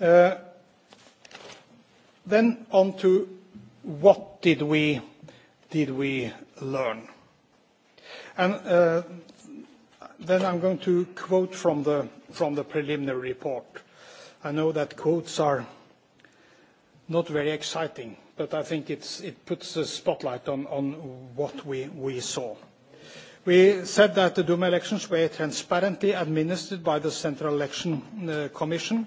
Then on to what did we learn? then I'm going to quote from the preliminary report. I know that quotes are not very exciting, but I think it puts a spotlight on what we saw. We said that the Duma elections were transparently administered by the Central Election Commission,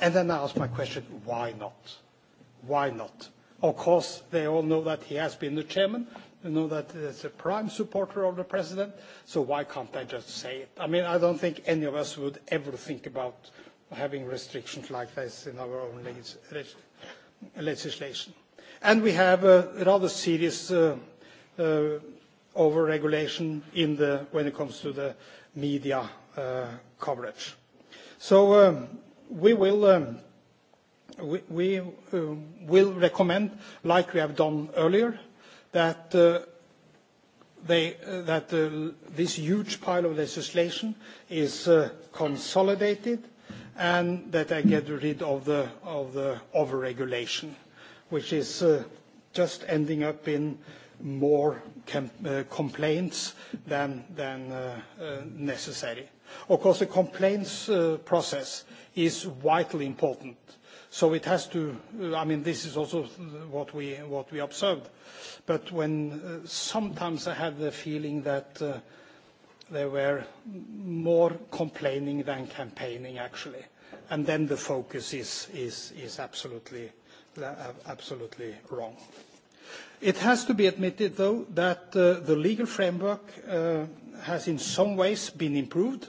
And then I ask my question, why not? Why not? Of course, they all know that he has been the chairman. They know that he's a prime supporter of the president. So why can't I just say it? I mean, I don't think any of us would ever think about having restrictions like this in our own legislation. And we have a rather serious over-regulation in the when it comes to the media coverage. So We will recommend, like we have done earlier, that this huge pile of legislation is consolidated and that they get rid of the over-regulation, which is just ending up in more complaints than necessary. Of course, the complaints process is vitally important. So it has to, I mean, this is also what we, what we observed. But when sometimes I had the feeling that there were more complaining than campaigning, actually. And then the focus is, is, absolutely wrong. It has to be admitted, though, that the legal framework has in some ways been improved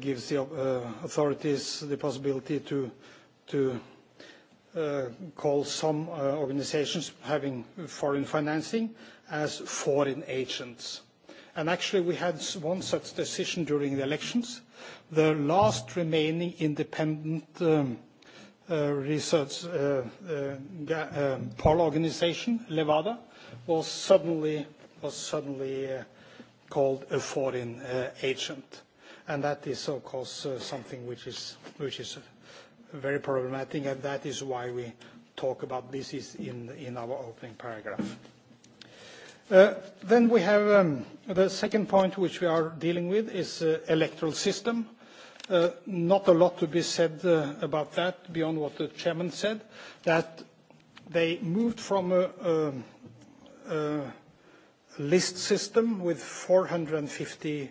gives the authorities the possibility to call some organizations having foreign financing as foreign agents. And Actually, we had one such decision during the elections. The last remaining independent research poll organization, Levada, was suddenly called a foreign agent and that is, of course, something which is very problematic, and that is why we talk about this is in our opening paragraph. Then we have the second point which we are dealing with is electoral system. Not a lot to be said about that beyond what the chairman said, that they moved from a list system with 450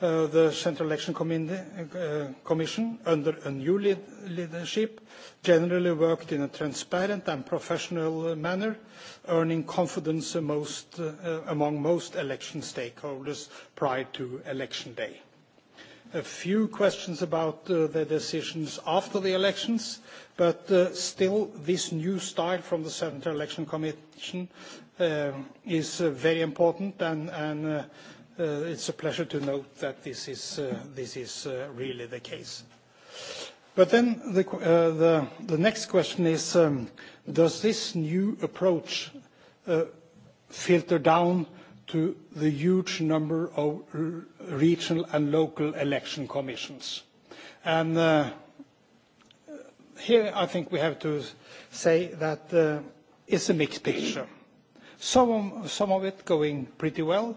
the Central Election Commission, under a new leadership, generally worked in a transparent and professional manner, earning confidence among most election stakeholders prior to election day. A few questions about the decisions after the elections, but still, this new style from the Central Election Commission is very important and It's a pleasure to note that this is really the case. But then The next question is, does this new approach filter down to the huge number of regional and local election commissions? And Here I think we have to say that it's a mixed picture. Some of it going pretty well,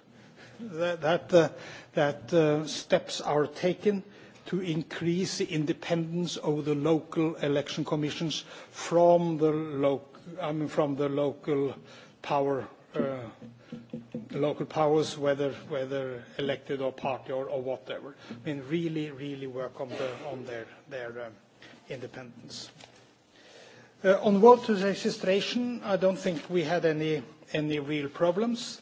that steps are taken to increase the independence of the local election commissions from the local power local powers, whether elected or party or whatever. I mean, really work on their independence. On voter registration, I don't think we had any real problems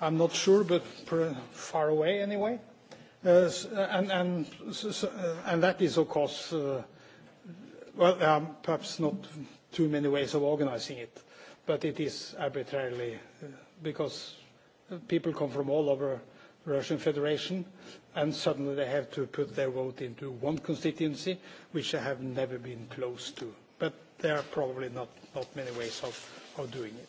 I'm not sure, but far away anyway. And that is, of course, well, perhaps not too many ways of organizing it, but it is arbitrarily because people come from all over Russian Federation, and suddenly they have to put their vote into one constituency, which they have never been close to. But there are probably not not many ways of of doing it.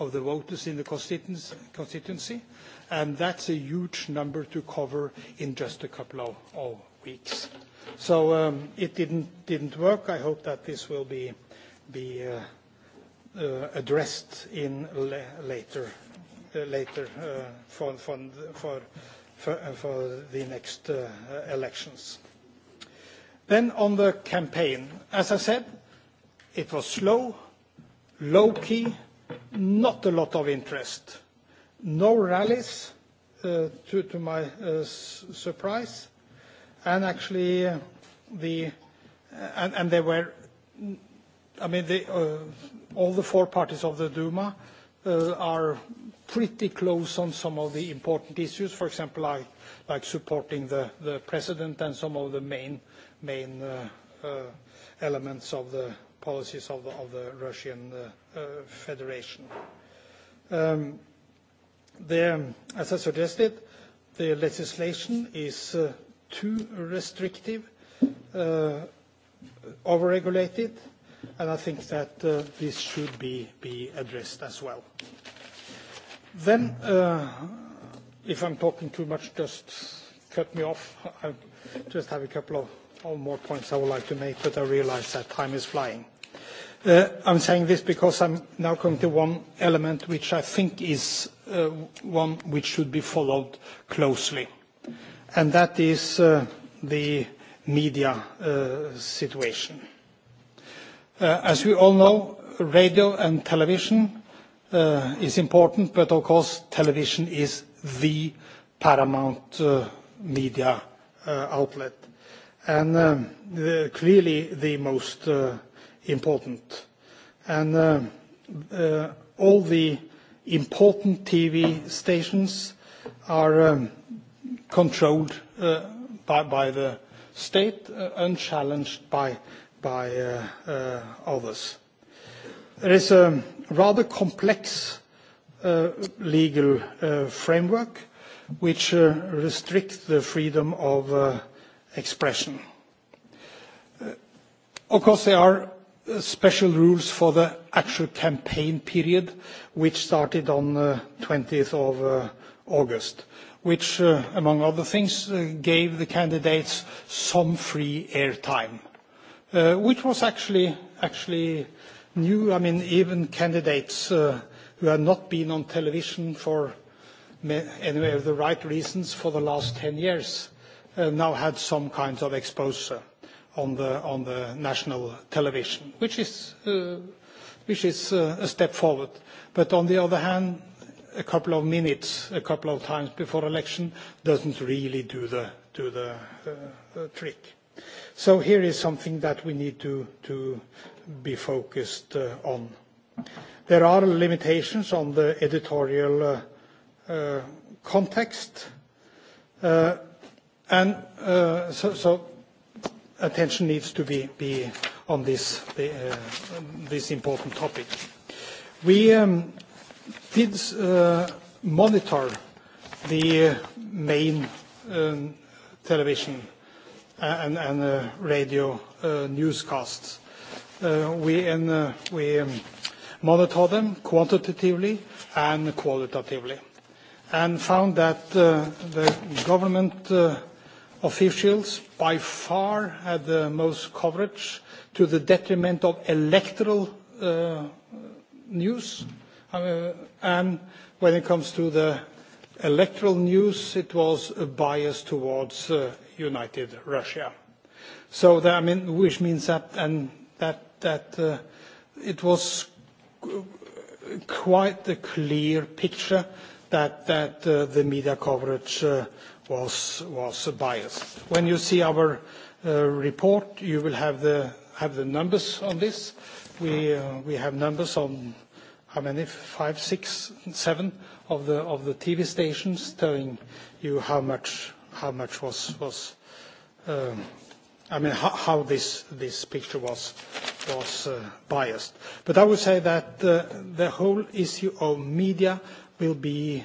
of the voters in the constituency, and that's a huge number to cover in just a couple of weeks. So it didn't work. I hope that this will be addressed in later for the next elections. Then on the campaign, as I said, it was slow, low-key, not a lot of interest. No rallies, to my surprise. and Actually, the and they were, I mean, the all the four parties of the Duma are pretty close on some of the important issues. For example, like like supporting the the president and some of the main main elements of the policies of the, of the Russian uh, uh, Federation. Um, the, as I suggested, the legislation is uh, too restrictive, uh, overregulated, and I think that uh, this should be, be addressed as well. Then, uh, if I'm talking too much, just cut me off. I just have a couple of more points I would like to make, but I realize that time is flying. I'm saying this because I'm now coming to one element which I think is one which should be followed closely, and that is the media situation. As we all know, radio and television is important, but of course, television is the paramount media outlet, and clearly the most important. And all the important TV stations are controlled by the state, unchallenged by others. There is a rather complex legal framework which restricts the freedom of expression. Of course, there are special rules for the actual campaign period, which started on the 20th of August, which, among other things, gave the candidates some free airtime, which was actually new. I mean, even candidates who had not been on television for any of the right reasons for the last 10 years now had some kind of exposure on the on the national television, which is uh, which is uh, a step forward. But on the other hand, a couple of minutes, a couple of times before election, doesn't really do the do the uh, trick. So here is something that we need to to be focused uh, on. There are limitations on the editorial uh, uh, context, uh, and uh, so. so attention needs to be, be on this, uh, this important topic. We um, did uh, monitor the main um, television and, and uh, radio uh, newscasts. Uh, we and, uh, we um, monitor them quantitatively and qualitatively and found that uh, the government uh, officials by far had the most coverage to the detriment of electoral news. And when it comes to the electoral news, it was a bias towards United Russia. So that, I mean, which means that, and that, that uh, it was quite a clear picture that, that uh, the media coverage uh, was biased. When you see our report, you will have the numbers on this. We have numbers on how many? Five, six, seven of the TV stations telling you how much was, I mean, how this picture was biased. But I would say that the whole issue of media will be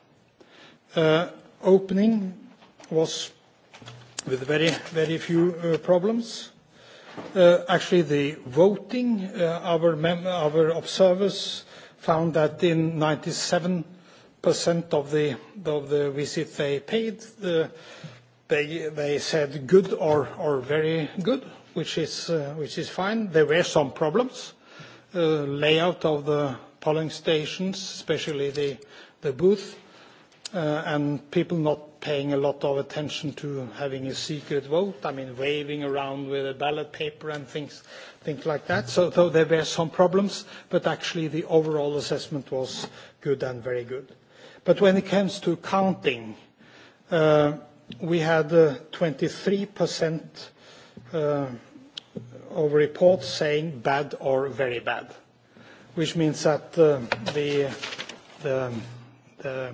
opening was with very, very few uh, problems. Uh, actually, the voting, uh, our, mem- our observers found that in 97% of the, of the visit they paid, uh, they, they said good or, or very good, which is, uh, which is fine. There were some problems. Uh, layout of the polling stations, especially the, the booth, and people not paying a lot of attention to having a secret vote, I mean, waving around with a ballot paper and things, things like that. So, though there were some problems, but actually the overall assessment was good and very good. But when it comes to counting, uh, we had uh, 23% uh, of reports saying bad or very bad, which means that uh, the, the, the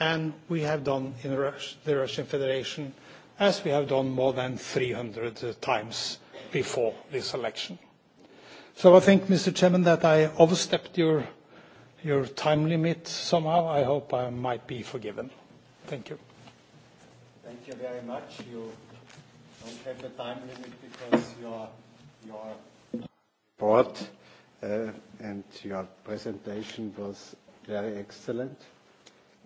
and we have done in the Russian Federation as we have done more than 300 times before this election. So I think, Mr. Chairman, that I overstepped your, your time limit somehow. I hope I might be forgiven. Thank you. Thank you very much. You don't have a time limit because your, your report uh, and your presentation was very excellent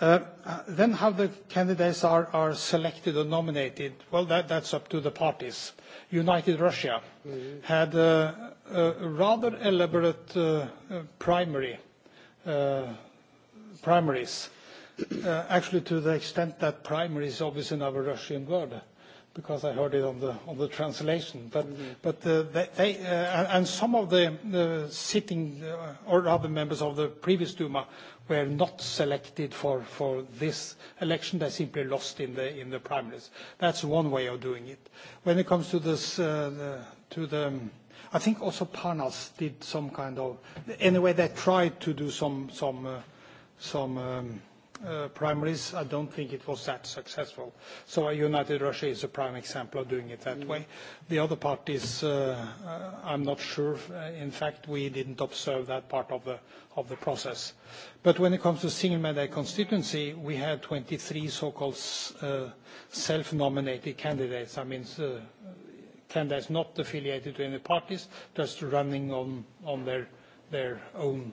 Then how the candidates are, are selected or nominated, well, that, that's up to the parties. United Russia had a, rather elaborate uh, primary, uh, primaries, uh, actually to the extent that primary is obvious in our Russian word because I heard it on the on the translation. But but uh, they, they uh, and some of the uh, sitting uh, or other members of the previous Duma were not selected for, for this election. They simply lost in the, in the primaries. That's one way of doing it. When it comes to this, the, to the, I think also Parnas did some kind of, anyway, they tried to do some, some, some um, primaries, I don't think it was that successful. So United Russia is a prime example of doing it that way. The other part is, I'm not sure. In fact, we didn't observe that part of the process. But when it comes to single mandate constituency, we had 23 so-called self-nominated candidates. I mean, candidates not affiliated to any parties, just running on their own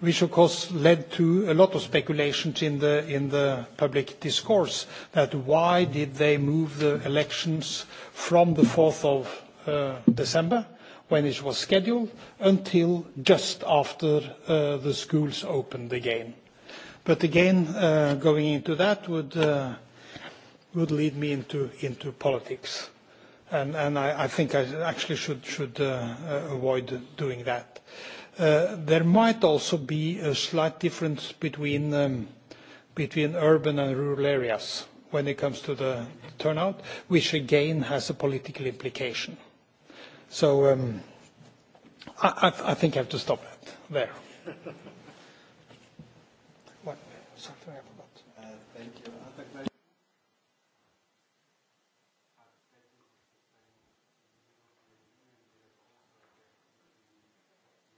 which of course led to a lot of speculations in the public discourse that why did they move the elections from the 4th of December, when it was scheduled, until just after the schools opened again. But Again, going into that would lead me into politics. and I think I actually should avoid doing that. There might also be a slight difference between urban and rural areas when it comes to the turnout, which again has a political implication. So I think I have to stop that there. What? Something else.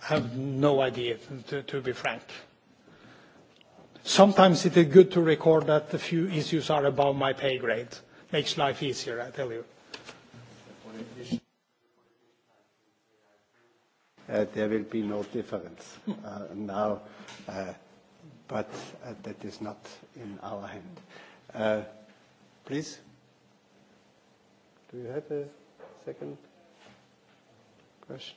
have no idea, to, to be frank. Sometimes it is good to record that a few issues are above my pay grade. Makes life easier, I tell you. Uh, there will be no difference uh, now, uh, but uh, that is not in our hand. Uh, please. Do you have a second question?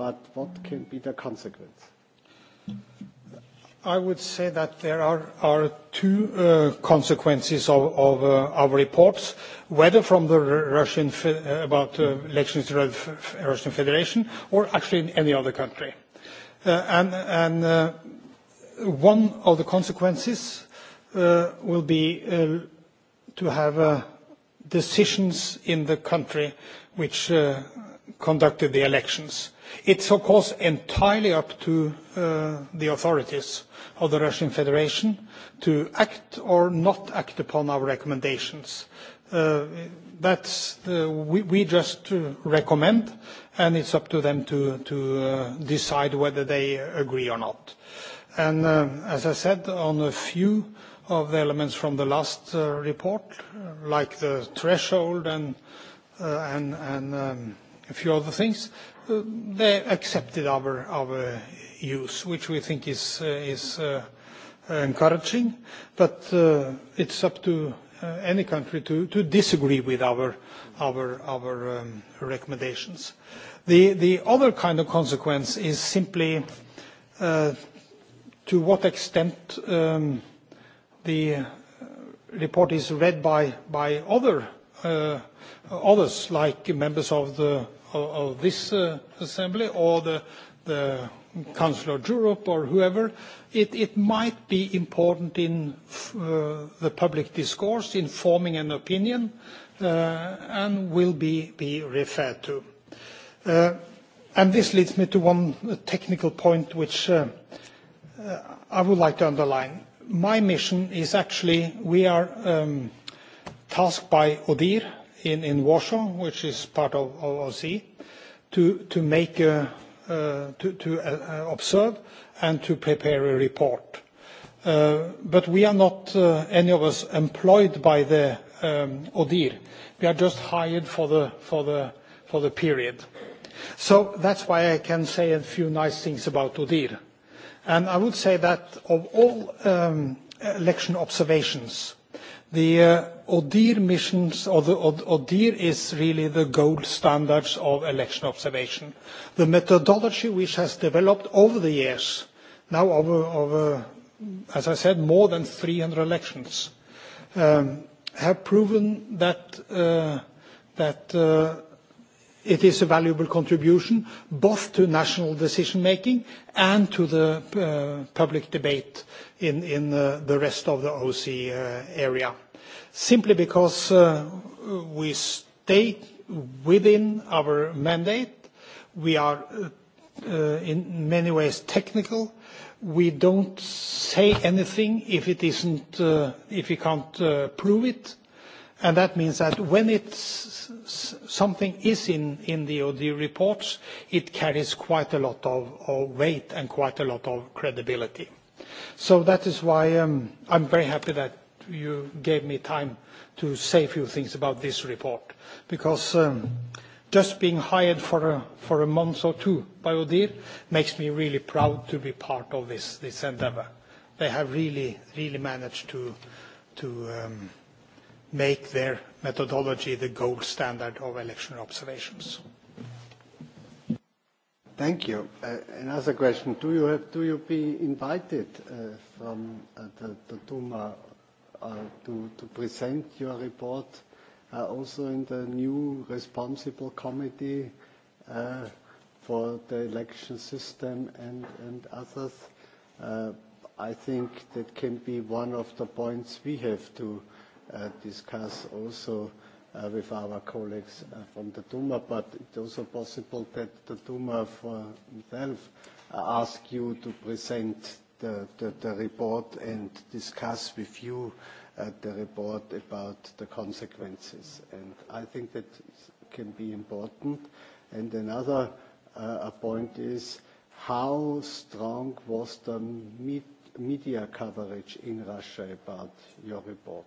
but what can be the consequence? I would say that there are two consequences of our reports, whether from the Russian about elections in the Russian Federation or actually in any other country. And One of the consequences will be to have decisions in the country which conducted the elections It's of course entirely up to the authorities of the Russian Federation to act or not act upon our recommendations. That's we just recommend, and it's up to them to decide whether they agree or not. And As I said, on a few of the elements from the last report, like the threshold and a few other things, they accepted our use, which we think is encouraging. But it's up to any country to disagree with our recommendations. The other kind of consequence is simply to what extent the report is read by others, like members of the of this assembly or the the Council of Europe or whoever, it, it might be important in the public discourse, in forming an opinion, and will be, referred to. and this leads me to one technical point which I would like to underline. My mission is actually, we are tasked by ODIR, in in Warsaw, which is part of OSCE, to to make to to observe and to prepare a report. But we are not, any of us, employed by the ODIHR. We are just hired for the for the for the period. So that's why I can say a few nice things about ODIHR. And I would say that of all election observations, the ODIHR missions, or the ODIHR is really the gold standards of election observation. The methodology which has developed over the years, now over, as I said, more than 300 elections, have proven that It is a valuable contribution both to national decision-making and to the public debate in the rest of the OC area, simply because we stay within our mandate. We are in many ways technical. We don't say anything if it isn't if we can't prove it And That means that when it's something is in in the OD reports, it carries quite a lot of weight and quite a lot of credibility. So That is why I'm very happy that you gave me time to say a few things about this report, because just being hired for a for a month or two by ODIHR makes me really proud to be part of this this endeavor. They have really really managed to to um make their methodology the gold standard of election observations. Thank you. Uh, another question. Do you, have, do you be invited uh, from uh, the, the Duma uh, to, to present your report uh, also in the new responsible committee uh, for the election system and, and others? Uh, I think that can be one of the points we have to discuss also with our colleagues from the Duma, but it's also possible that the Duma for himself ask you to present the the report and discuss with you the report about the consequences. And I think that can be important. And Another point is how strong was the media coverage in Russia about your report?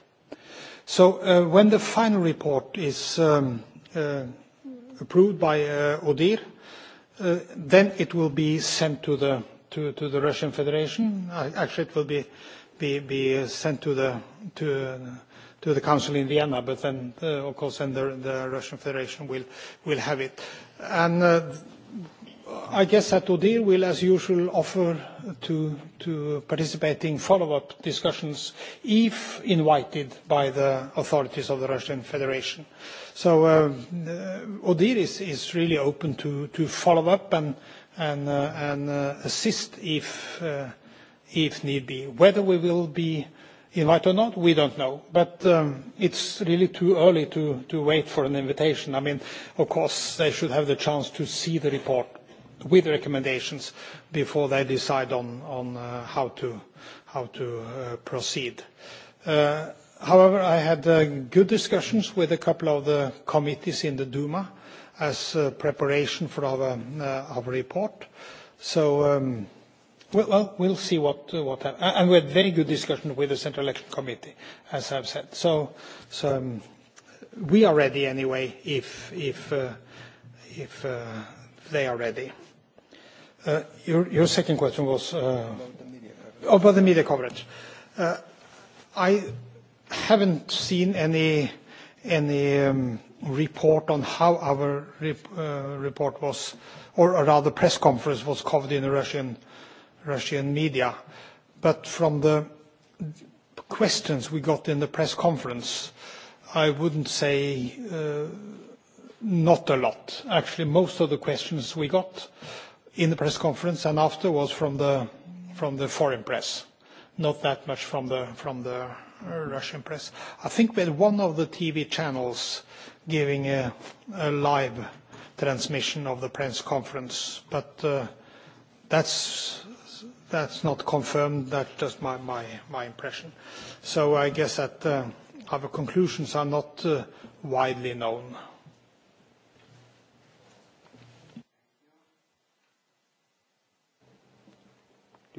So when the final report is approved by ODIHR, then it will be sent to the to, to the Russian Federation. Actually, it will be be, be sent to the to to the Council in Vienna, but then uh, of course, then the, the Russian Federation will will have it. And uh, I guess that Odir will, as usual, offer to participate in follow-up discussions if invited by the authorities of the Russian Federation. So Odir is really open to follow up and assist if need be. Whether we will be invited or not, we don't know. But um, it's really too early to, to wait for an invitation. I mean, of course, they should have the chance to see the report with recommendations before they decide on how to proceed. However, I had good discussions with a couple of the committees in the Duma as preparation for our report. So, well, we'll see what happens. We had very good discussion with the Central Election Committee, as I've said. So, we are ready anyway if they are ready. Your second question was about the media coverage. About the media coverage. I haven't seen any report on how our report was, or rather press conference was covered in the Russian media. But from the questions we got in the press conference, I wouldn't say not a lot. Actually, most of the questions we got in the press conference and after was from the from the foreign press, not that much from the from the Russian press. I think we had one of the TV channels giving a, a live transmission of the press conference, but uh, that's that's not confirmed. That's just my my, my impression. So I guess that uh, our conclusions are not uh, widely known.